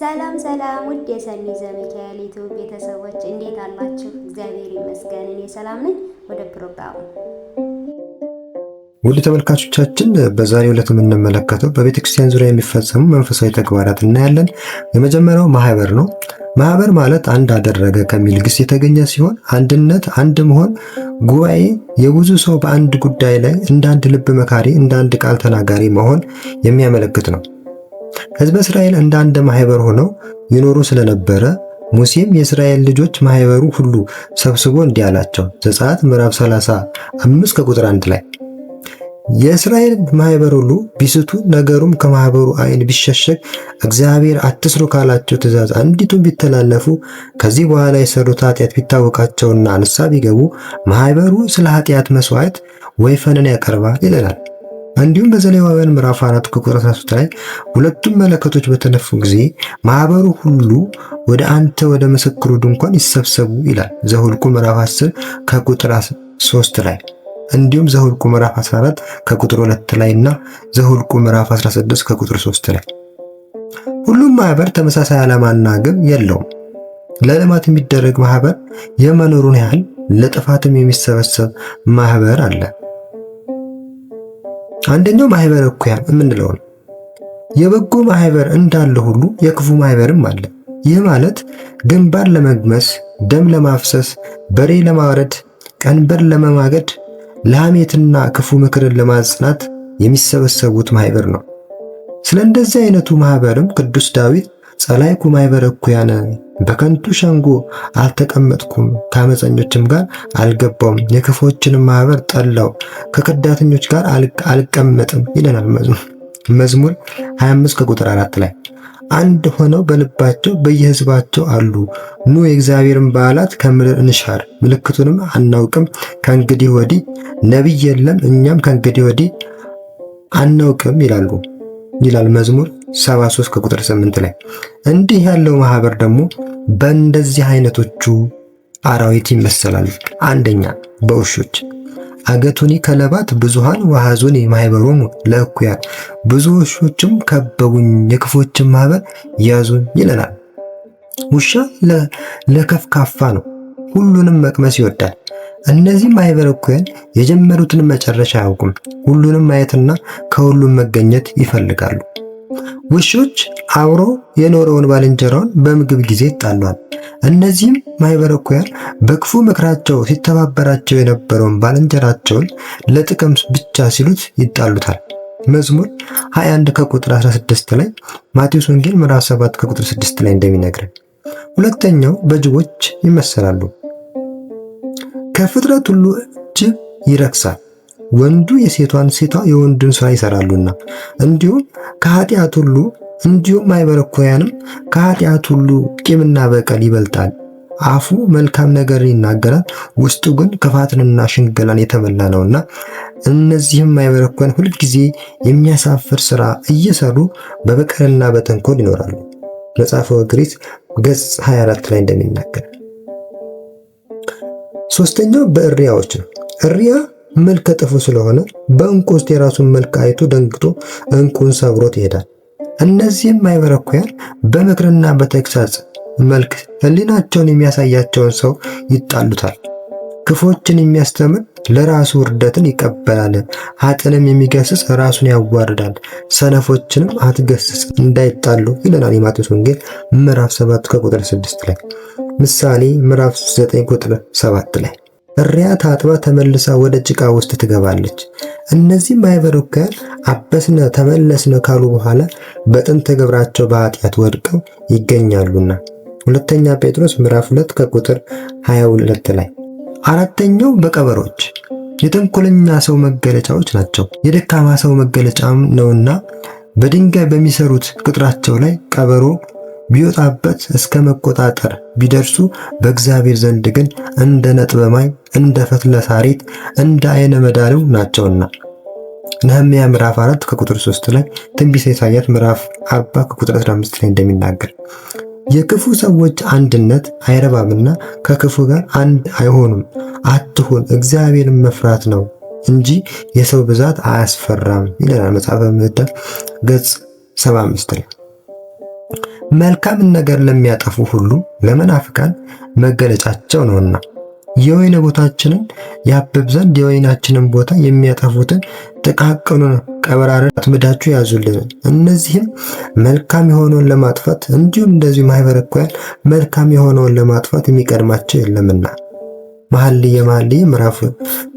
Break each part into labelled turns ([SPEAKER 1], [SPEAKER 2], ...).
[SPEAKER 1] ሰላም ሰላም፣ ውድ የሰኒ ዘሚካኤል ዩቲዩብ ቤተሰቦች እንዴት አላችሁ? እግዚአብሔር ይመስገን እኔ ሰላም ነኝ። ወደ ፕሮግራሙ
[SPEAKER 2] ውድ ተመልካቾቻችን በዛሬው ዕለት የምንመለከተው በቤተክርስቲያን ዙሪያ የሚፈጸሙ መንፈሳዊ ተግባራት እናያለን። የመጀመሪያው ማህበር ነው። ማህበር ማለት አንድ አደረገ ከሚል ግስ የተገኘ ሲሆን አንድነት፣ አንድ መሆን፣ ጉባኤ፣ የብዙ ሰው በአንድ ጉዳይ ላይ እንደ አንድ ልብ መካሪ፣ እንደ አንድ ቃል ተናጋሪ መሆን የሚያመለክት ነው። ሕዝበ እስራኤል እንደ አንድ ማኅበር ሆነው ይኖሩ ስለነበረ ሙሴም የእስራኤል ልጆች ማኅበሩ ሁሉ ሰብስቦ እንዲህ አላቸው። ዘጸአት ምዕራፍ 35 ከቁጥር 1 ላይ የእስራኤል ማኅበር ሁሉ ቢስቱ፣ ነገሩም ከማኅበሩ አይን ቢሸሸግ፣ እግዚአብሔር አትስሩ ካላቸው ትእዛዝ አንዲቱን ቢተላለፉ፣ ከዚህ በኋላ የሰሩት ኃጢአት ቢታወቃቸውና ንስሐ ቢገቡ ማኅበሩ ስለ ኃጢአት መሥዋዕት ወይፈንን ያቀርባል ይለናል። እንዲሁም በዘሌዋውያን ምዕራፍ 4 ቁጥር 13 ላይ ሁለቱም መለከቶች በተነፉ ጊዜ ማህበሩ ሁሉ ወደ አንተ ወደ ምስክሩ ድንኳን ይሰብሰቡ ይላል። ዘሁልቁ ምዕራፍ 10 ከቁጥር 3 ላይ እንዲሁም ዘሁልቁ ምዕራፍ 14 ከቁጥር 2 ላይ እና ዘሁልቁ ምዕራፍ 16 ከቁጥር 3 ላይ ሁሉም ማህበር ተመሳሳይ ዓላማና ግብ የለውም። ለልማት የሚደረግ ማህበር የመኖሩን ያህል ለጥፋትም የሚሰበሰብ ማህበር አለ። አንደኛው ማህበር እኩያን የምንለው ነው። የበጎ ማህበር እንዳለ ሁሉ የክፉ ማህበርም አለ። ይህ ማለት ግንባር ለመግመስ፣ ደም ለማፍሰስ፣ በሬ ለማረድ፣ ቀንበር ለመማገድ፣ ለሐሜትና ክፉ ምክርን ለማጽናት የሚሰበሰቡት ማህበር ነው። ስለ እንደዚህ አይነቱ ማህበርም ቅዱስ ዳዊት ጸላይኩ ማህበረ እኩያነ በከንቱ ሸንጎ አልተቀመጥኩም፣ ከአመፀኞችም ጋር አልገባውም፣ የክፎችንም ማህበር ጠላው፣ ከከዳተኞች ጋር አልቀመጥም ይለናል መዝሙር 25 ከቁጥር 4 ላይ አንድ ሆነው በልባቸው በየህዝባቸው አሉ። ኑ የእግዚአብሔርን በዓላት ከምድር እንሻር፣ ምልክቱንም አናውቅም ከእንግዲህ ወዲህ ነቢይ የለም፣ እኛም ከእንግዲህ ወዲህ አናውቅም ይላሉ ይላል መዝሙር 73 ከቁጥር 8 ላይ። እንዲህ ያለው ማህበር ደግሞ በእንደዚህ አይነቶቹ አራዊት ይመሰላል። አንደኛ በውሾች አገቱኒ ከለባት ብዙሃን ወሐዙኒ ማኅበሮሙ ለእኩያን ብዙ ውሾችም ከበቡኝ፣ የክፎችን ማኅበር ያዙን ይለናል። ውሻ ለከፍካፋ ነው፣ ሁሉንም መቅመስ ይወዳል። እነዚህ ማኅበረ እኩያን የጀመሩትን መጨረሻ አያውቁም፣ ሁሉንም ማየትና ከሁሉም መገኘት ይፈልጋሉ። ውሾች አብሮ የኖረውን ባልንጀራውን በምግብ ጊዜ ይጣሏል። እነዚህም ማኅበረ በክፉ ምክራቸው ሲተባበራቸው የነበረውን ባልንጀራቸውን ለጥቅም ብቻ ሲሉት ይጣሉታል። መዝሙር 21 ከቁጥር 16 ላይ ማቴዎስ ወንጌል ምዕራፍ 7 ከቁጥር 6 ላይ እንደሚነግረን፣ ሁለተኛው በጅቦች ይመሰላሉ። ከፍጥረት ሁሉ ጅብ ይረክሳል። ወንዱ የሴቷን ሴቷ የወንዱን ስራ ይሰራሉና፣ እንዲሁም ከኃጢአት ሁሉ እንዲሁም አይበረኮያንም ከኃጢአት ሁሉ ቂምና በቀል ይበልጣል። አፉ መልካም ነገር ይናገራል፣ ውስጡ ግን ክፋትንና ሽንገላን የተመላ ነውና እነዚህም ማኅበረ ሁልጊዜ የሚያሳፍር ሥራ እየሰሩ በበቀልና በተንኮል ይኖራሉ። መጽሐፈ ወግሪት ገጽ 24 ላይ እንደሚናገር ሶስተኛው በእሪያዎች ነው። እሪያ መልከ ጥፉ ስለሆነ በእንቁ ውስጥ የራሱን መልክ አይቶ ደንግጦ እንቁን ሰብሮት ይሄዳል። እነዚህም አይበረኩያን በምክርና በተግሳጽ መልክ ህሊናቸውን የሚያሳያቸውን ሰው ይጣሉታል። ክፎችን የሚያስተምር ለራሱ ውርደትን ይቀበላል። ኃጥንም የሚገስጽ ራሱን ያዋርዳል። ሰነፎችንም አትገስጽ እንዳይጣሉ ይለናል የማቴዎስ ወንጌል ምዕራፍ 7 ከቁጥር 6 ላይ ምሳሌ ምዕራፍ 9 ቁጥር 7 ላይ እሪያ ታጥባ ተመልሳ ወደ ጭቃ ውስጥ ትገባለች። እነዚህ ማይበሩካን አበስነ ተመለስነ ካሉ በኋላ በጥንት ግብራቸው በኃጢአት ወድቀው ይገኛሉና ሁለተኛ ጴጥሮስ ምዕራፍ 2 ከቁጥር 22 ላይ። አራተኛው በቀበሮች የተንኮለኛ ሰው መገለጫዎች ናቸው። የደካማ ሰው መገለጫም ነውና በድንጋይ በሚሰሩት ቅጥራቸው ላይ ቀበሮ ቢወጣበት እስከ መቆጣጠር ቢደርሱ በእግዚአብሔር ዘንድ ግን እንደ ነጥበ ማይ፣ እንደ ፈትለ ሳሪት፣ እንደ አይነ መዳለው ናቸውና። ነህምያ ምዕራፍ 4 ከቁጥር 3 ላይ ትንቢተ ኢሳይያስ ምዕራፍ 40 ከቁጥር 15 ላይ እንደሚናገር የክፉ ሰዎች አንድነት አይረባምና ከክፉ ጋር አንድ አይሆኑም አትሁን፣ እግዚአብሔርን መፍራት ነው እንጂ የሰው ብዛት አያስፈራም ይለናል መጽሐፈ ምድር ገጽ 75 ላይ መልካምን ነገር ለሚያጠፉ ሁሉ ለመናፍቃን መገለጫቸው ነውና የወይን ቦታችንን ያብብ ዘንድ የወይናችንን ቦታ የሚያጠፉትን ጥቃቅኑ ቀበራርን አጥምዳችሁ ያዙልን። እነዚህም መልካም የሆነውን ለማጥፋት እንዲሁም እንደዚሁ ማኅበረ እኩያን መልካም የሆነውን ለማጥፋት የሚቀድማቸው የለምና። መኃልየ መኃልይ ምዕራፍ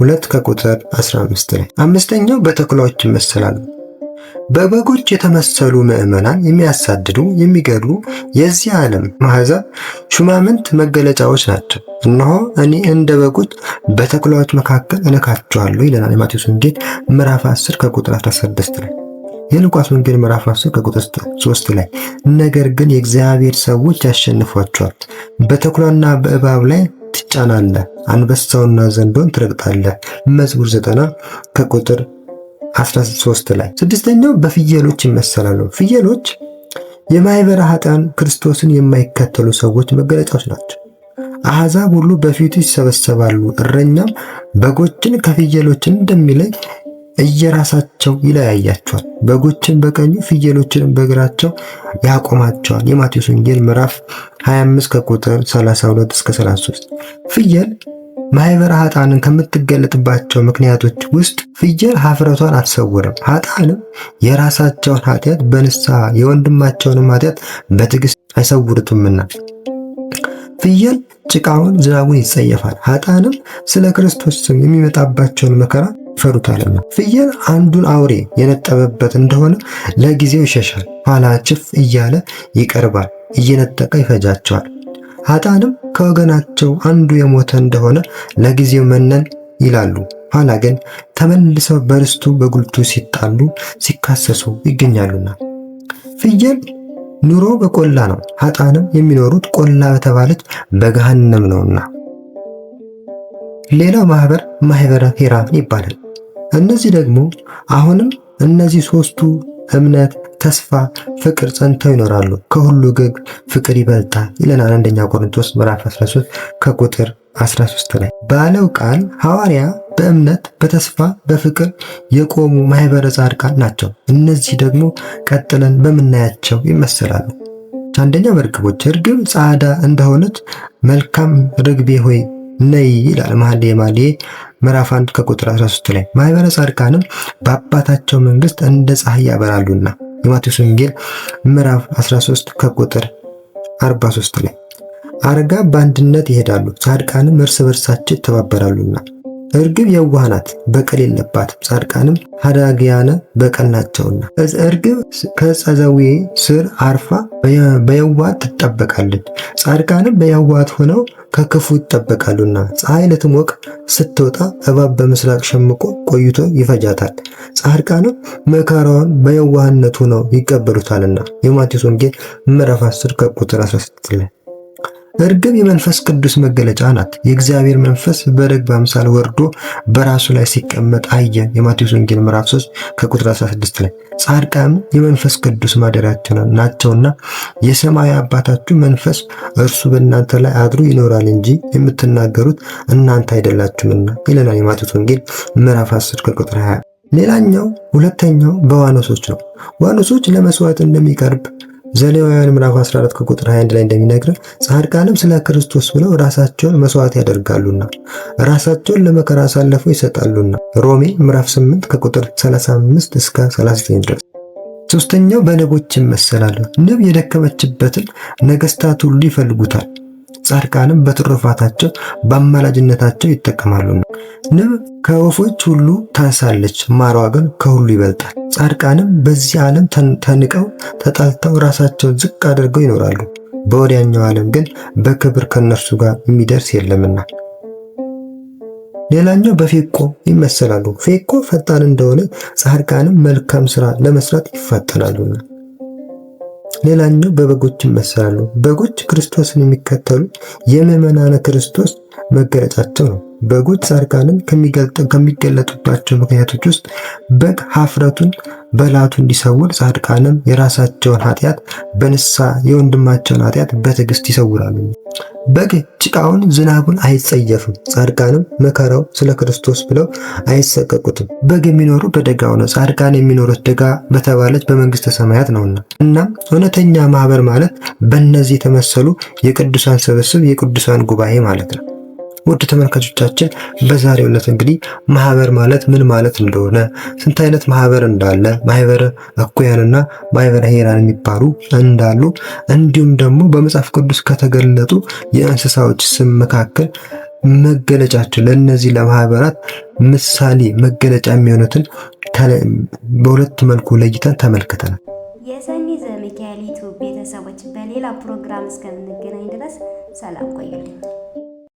[SPEAKER 2] ሁለት ከቁጥር 15 ላይ። አምስተኛው በተኩላዎች ይመሰላሉ። በበጎች የተመሰሉ ምዕመናን የሚያሳድዱ፣ የሚገድሉ የዚህ ዓለም ማህዛብ ሹማምንት መገለጫዎች ናቸው። እነሆ እኔ እንደ በጎች በተኩላዎች መካከል እልካቸዋለሁ ይለናል የማቴዎስ ወንጌል ምዕራፍ 10 ከቁጥር 16 ላይ የሉቃስ ወንጌል ምዕራፍ 10 ከቁጥር 3 ላይ ነገር ግን የእግዚአብሔር ሰዎች ያሸንፏቸዋል፣ በተኩላና በእባብ ላይ ትጫናለህ፣ አንበሳውና ዘንዶን ትረግጣለህ። መዝሙር ዘጠና ከቁጥር 13 ላይ። ስድስተኛው በፍየሎች ይመሰላሉ። ፍየሎች የማይበረ ኃጥአን ክርስቶስን የማይከተሉ ሰዎች መገለጫዎች ናቸው። አሕዛብ ሁሉ በፊቱ ይሰበሰባሉ፣ እረኛም በጎችን ከፍየሎችን እንደሚለይ እየራሳቸው ይለያያቸዋል። በጎችን በቀኙ ፍየሎችንም በግራቸው ያቆማቸዋል። የማቴዎስ ወንጌል ምዕራፍ 25 ከቁጥር 32 እስከ 33። ፍየል ማኅበረ ኃጣንን ከምትገለጥባቸው ምክንያቶች ውስጥ ፍየል ሀፍረቷን አትሰውርም። ሀጣንም የራሳቸውን ኃጢአት በንስሐ የወንድማቸውንም ኃጢአት በትግስት አይሰውሩትምና ፍየል ጭቃውን፣ ዝናቡን ይጸየፋል። ሀጣንም ስለ ክርስቶስ ስም የሚመጣባቸውን መከራ ይፈሩታልና ፍየል አንዱን አውሬ የነጠበበት እንደሆነ ለጊዜው ይሸሻል፣ ኋላ ችፍ እያለ ይቀርባል፣ እየነጠቀ ይፈጃቸዋል። ኃጣንም ከወገናቸው አንዱ የሞተ እንደሆነ ለጊዜው መነን ይላሉ። ኋላ ግን ተመልሰው በርስቱ በጉልቱ ሲጣሉ ሲካሰሱ ይገኛሉና። ፍየል ኑሮ በቆላ ነው፣ ሀጣንም የሚኖሩት ቆላ በተባለች በገሃነም ነውና። ሌላው ማህበር ማህበረ ሄራን ይባላል። እነዚህ ደግሞ አሁንም እነዚህ ሶስቱ እምነት ተስፋ፣ ፍቅር ጸንተው ይኖራሉ። ከሁሉ ግግ ፍቅር ይበልጣል ይለናል አንደኛ ቆሮንቶስ ምዕራፍ 13 ከቁጥር 13 ላይ ባለው ቃል ሐዋርያ በእምነት በተስፋ በፍቅር የቆሙ ማኅበረ ጻድቃን ናቸው። እነዚህ ደግሞ ቀጥለን በምናያቸው ይመሰላሉ። አንደኛ መርግቦች እርግብ ጻዳ እንደሆነች መልካም ርግቤ ሆይ ነይ ይላል መኃልየ መኃልይ ምዕራፍ 1 ከቁጥር 13 ላይ ማይበረ ጻድቃንም በአባታቸው መንግስት እንደ ፀሐይ ያበራሉና የማቴዎስ ወንጌል ምዕራፍ 13 ከቁጥር 43 ላይ አረጋ በአንድነት ይሄዳሉ፣ ጻድቃንም እርስ በርሳቸው ይተባበራሉና እርግብ የዋህ ናት፣ በቀል የለባትም። ጻድቃንም ሀዳግያነ በቀል ናቸውና እርግብ ከዕፀ ስር አርፋ በየዋት ትጠበቃለች። ጻድቃንም በየዋት ሆነው ከክፉ ይጠበቃሉና ፀሐይ ልትሞቅ ስትወጣ እባብ በምስራቅ ሸምቆ ቆይቶ ይፈጃታል። ጻድቃንም መከራውን በየዋህነቱ ነው ይቀበሉታልና የማቴዎስ ወንጌል ምዕራፍ 10 ከቁጥር 16 ላይ እርግብ የመንፈስ ቅዱስ መገለጫ ናት። የእግዚአብሔር መንፈስ በርግብ በአምሳል ወርዶ በራሱ ላይ ሲቀመጥ አየ። የማቴዎስ ወንጌል ምዕራፍ 3 ከቁጥር 16 ላይ ጻድቃን የመንፈስ ቅዱስ ማደሪያቸው ናቸውና የሰማይ አባታችሁ መንፈስ እርሱ በእናንተ ላይ አድሮ ይኖራል እንጂ የምትናገሩት እናንተ አይደላችሁምና ይለናል የማቴዎስ ወንጌል ምዕራፍ 10 ከቁጥር 20። ሌላኛው ሁለተኛው በዋኖሶች ነው። ዋኖሶች ለመስዋዕት እንደሚቀርብ ዘሌዋውያን ምዕራፍ 14 ከቁጥር 21 ላይ እንደሚነግረን ጻድቃንም ስለ ክርስቶስ ብለው ራሳቸውን መስዋዕት ያደርጋሉና ራሳቸውን ለመከራ አሳልፈው ይሰጣሉና ሮሜ ምዕራፍ 8 ከቁጥር 35 እስከ 39 ድረስ። ሶስተኛው በንቦች ይመሰላሉ። ንብ የደከመችበትን ነገስታት ሁሉ ይፈልጉታል። ጻድቃንም በትሩፋታቸው በአማላጅነታቸው ይጠቀማሉና። ንብ ከወፎች ሁሉ ታንሳለች፣ ማሯ ግን ከሁሉ ይበልጣል። ጻድቃንም በዚህ ዓለም ተንቀው ተጣልተው ራሳቸውን ዝቅ አድርገው ይኖራሉ። በወዲያኛው ዓለም ግን በክብር ከነርሱ ጋር የሚደርስ የለምና። ሌላኛው በፌቆ ይመሰላሉ። ፌቆ ፈጣን እንደሆነ ጻድቃንም መልካም ስራ ለመስራት ይፋጠናሉና ሌላኛው በበጎች ይመሰላሉ። በጎች ክርስቶስን የሚከተሉት የምዕመናነ ክርስቶስ መገለጫቸው ነው። በጎች ጻድቃንን ከሚገለጡባቸው ምክንያቶች ውስጥ በግ ሀፍረቱን በላቱ እንዲሰውር፣ ጻድቃንም የራሳቸውን ኃጢአት በንሳ የወንድማቸውን ኃጢአት በትዕግስት ይሰውራሉ። በግ ጭቃውን፣ ዝናቡን አይጸየፍም፣ ጻድቃንም መከራው ስለ ክርስቶስ ብለው አይሰቀቁትም። በግ የሚኖሩ በደጋው ነው፣ ጻድቃን የሚኖሩት ደጋ በተባለች በመንግስተ ሰማያት ነውና። እናም እውነተኛ ማህበር ማለት በእነዚህ የተመሰሉ የቅዱሳን ስብስብ፣ የቅዱሳን ጉባኤ ማለት ነው። ውድ ተመልካቾቻችን በዛሬው ዕለት እንግዲህ ማህበር ማለት ምን ማለት እንደሆነ ስንት አይነት ማህበር እንዳለ ማህበረ እኩያንና ማህበረ ሄራን የሚባሉ እንዳሉ እንዲሁም ደግሞ በመጽሐፍ ቅዱስ ከተገለጡ የእንስሳዎች ስም መካከል መገለጫቸው ለእነዚህ ለማህበራት ምሳሌ መገለጫ የሚሆኑትን በሁለት መልኩ ለይተን ተመልክተናል።
[SPEAKER 1] የሰኒ ዘሚካኤል ቤተሰቦች በሌላ ፕሮግራም እስከምንገናኝ ድረስ ሰላም ቆዩልኝ።